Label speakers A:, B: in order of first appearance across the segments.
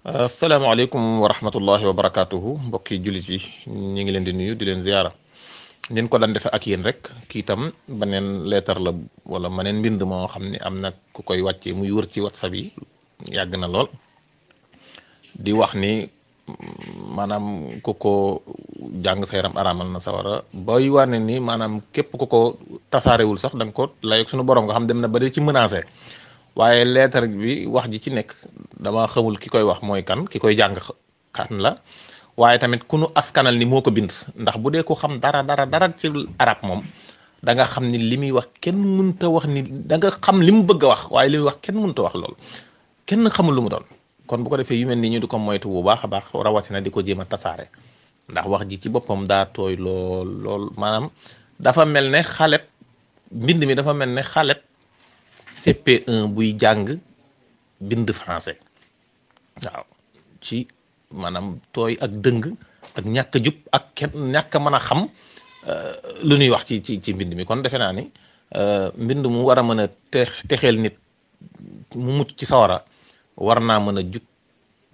A: Assalamualaikum warahmatullahi warahmatullahi wabarakatuh mbokki julit yi ñi ngi leen di nuyu di leen nin ko daan def ak yeen rek ki tam benen leetar la wala maneen mbind mo xamni ne am na ku koy wacce muy wër ci whatsapp yi yag na lool di wax ni manam ku ko jang sa yaram na sawara boy wane ni manam kep ku ko wul sax dang ko suñu borom nga xam dem na ba de ci menacer waaye leetar bi wax ji ci nekk dama xamul ki koy wax mooy kan ki koy jàng kan la waaye tamit ku nu askanal ni moo ko bind ndax bu dee ko xam dara dara dara ci arab moom da nga xam ni li muy wax kenn mënta wax ni da xam li mu bëgg a wax waaye li wax kenn mënta wax loolu kenn xamul mu doon kon bu ko defee yu mel ni ñu du ko moytu bu baax a baax rawatina di ko jéem a tasaare ndax wax ji ci boppam daa tooy lool lool maanaam dafa mel ne xaleb mbind mi dafa mel ne xaleb CP1 buy jàng bind français waaw ci maanaam tooy ak dëng ak ñàkk jub ak kenn ñàkk mën a xam euh, lu ñuy wax ci ci ci mbind mi kon defe naa ni euh, mbind mu war a mën a tex nit mu mucc ci sawara war naa mën a jub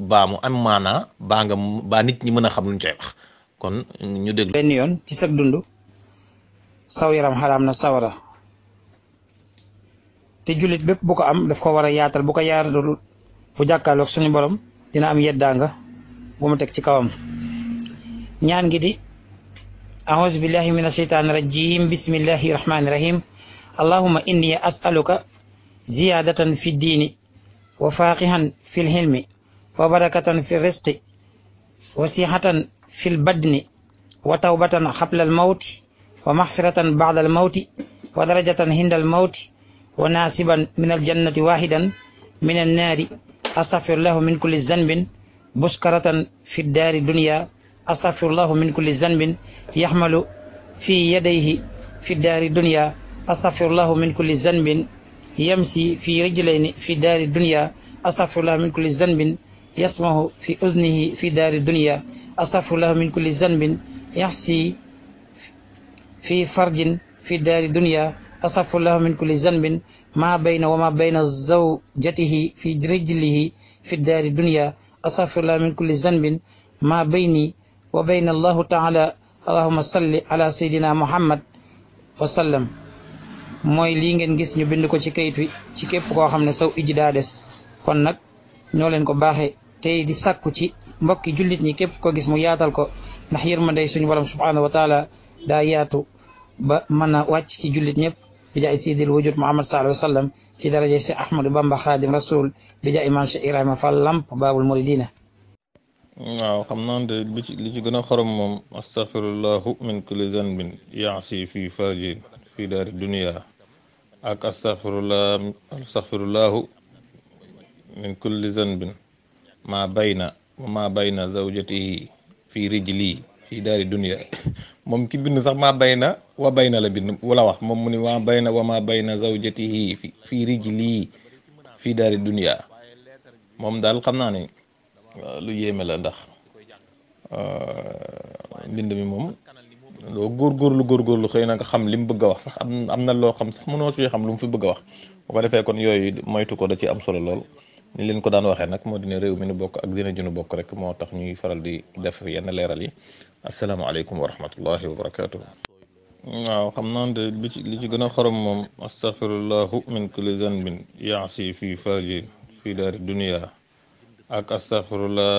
A: baa mu am maanaa baa nga baa nit ñi mën a xam lu ñu cay wax kon ñu déglu
B: benn yoon ci sa dund saw yaram xaraam na sawara te jullit bépp bu ko am daf ko war a yaatal bu ko yaatalul bu jàkkaarloog suñu borom dina am yeddaanga bu mu teg ci kawam ñaan gi di أعوذ بالله من الشيطان الرجيم بسم الله الرحمن الرحيم اللهم إني أسألك زيادة في الدين وفاقها في الحلم وبركة في الرزق وسيحة في البدن وتوبة قبل الموت ومغفرة بعد الموت ودرجة عند الموت وناسبا من الجنة واحدا من النار أستغفر الله من كل ذنب بشكرة في الدار الدنيا أستغفر الله من كل ذنب يحمل في يديه في الدار الدنيا أستغفر الله من كل ذنب يمشي في رجلين في دار الدنيا أستغفر الله من كل ذنب يسمع في أذنه في دار الدنيا أستغفر الله من كل ذنب يحسي في فرج في دار الدنيا أصف له من كل ذنب ما بين وما بين زوجته في رجله في الدار الدنيا أصف له من كل ذنب ما بيني وبين الله تعالى اللهم صل على سيدنا محمد وسلم mooy lii ngeen gis ñu bind ko ci kayit wi ci képp koo xam ne saw iji daa des kon nag ñoo leen ko baaxee tey di sàkku ci mbokki jullit ñi képp ko gis mu yaatal ko ndax yërmandey suñu borom subhanahu wa taala daa yaatu ba mën a wàcc ci jullit ñëpp bi jaay sidil wujud muhammad sallallahu alayhi wa sallam ci daraje si ahmadu bamba xaadim rasul bi jaay imam cheikh ibrahima fall lamp baabul muridina
A: waaw xam naa de li ci li ci gën a xorom moom astaghfirullahu min kulli zanbin yaasi fi farjin fi daari dunia ak astaghfirullah astaghfirullahu min kulli zanbin ma bayna wa ma bayna zawjatihi fi rijli في دار الدنيا ممكن بن ما بين وبين لبن ولا واخ مم ني وما بين وما بين زوجته في في رجلي في دار الدنيا مم دال خمنا لو ييما لا ندخ ا بن مم لو غور غور لو غور غور لو خينا خم لي مبغا واخ صح امنا لو خم صح منو في خم لو في بغا واخ وبا دافاي كون يوي تي ام سولو لول ni leen ko daan waxee nag moo dina réew mi nu bokk ak dina junu bokk rek moo tax ñuy faral di def yenn leeral yi asalaamaaleykum wa rahmatullahi wa barakaatu. waaw xam naa de li ci li ci gën a xorom moom astaghfirullahu min kulli zanbin yaasi fi farjin fi daari dunia ak astaghfirullah